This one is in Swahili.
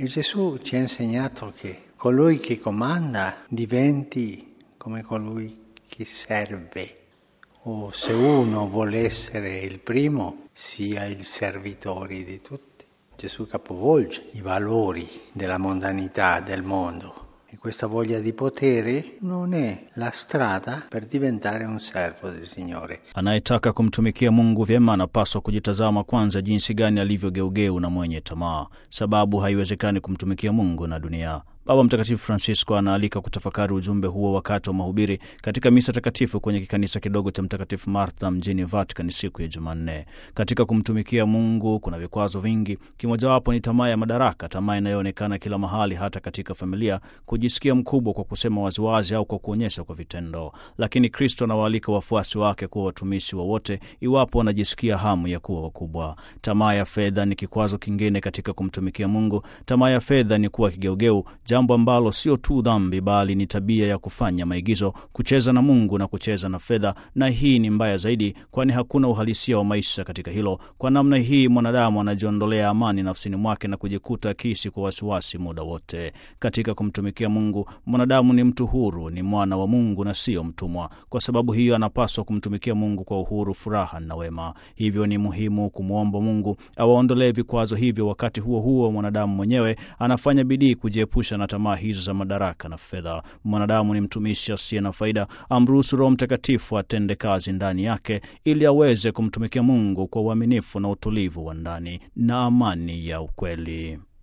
E Gesù ci ha insegnato che colui che comanda diventi come colui che serve. O se uno vuole essere il primo, sia il servitore di tutti. Gesù capovolge i valori della mondanità, del mondo, E questa voglia di potere non è la strada per diventare un servo del Signore. Anayetaka kumtumikia Mungu vyema anapaswa kujitazama kwanza jinsi gani alivyogeugeu na mwenye tamaa, sababu haiwezekani kumtumikia Mungu na dunia. Baba Mtakatifu Francisco anaalika kutafakari ujumbe huo wakati wa mahubiri katika misa takatifu kwenye kikanisa kidogo cha Mtakatifu Martha mjini Vatican siku ya Jumanne. Katika kumtumikia Mungu kuna vikwazo vingi, kimojawapo ni tamaa ya madaraka, tamaa inayoonekana kila mahali, hata katika familia, kujisikia mkubwa kwa kusema waziwazi au kwa kuonyesha kwa vitendo. Lakini Kristo anawaalika wafuasi wake kuwa watumishi wowote wa iwapo wanajisikia hamu ya kuwa wakubwa. Tamaa ya fedha ni kikwazo kingine katika kumtumikia Mungu. Tamaa ya fedha ni kuwa kigeugeu ja jambo ambalo sio tu dhambi, bali ni tabia ya kufanya maigizo, kucheza na Mungu na kucheza na fedha, na hii ni mbaya zaidi, kwani hakuna uhalisia wa maisha katika hilo. Kwa namna hii, mwanadamu anajiondolea amani nafsini mwake na kujikuta kisi kwa wasiwasi muda wote. Katika kumtumikia Mungu, mwanadamu ni mtu huru, ni mwana wa Mungu na sio mtumwa. Kwa sababu hiyo, anapaswa kumtumikia Mungu kwa uhuru, furaha na wema. Hivyo ni muhimu kumwomba Mungu awaondolee vikwazo hivyo. Wakati huo huo, mwanadamu mwenyewe anafanya bidii kujiepusha na tamaa hizo za madaraka na fedha. Mwanadamu ni mtumishi asiye na faida, amruhusu Roho Mtakatifu atende kazi ndani yake ili aweze kumtumikia Mungu kwa uaminifu na utulivu wa ndani na amani ya ukweli.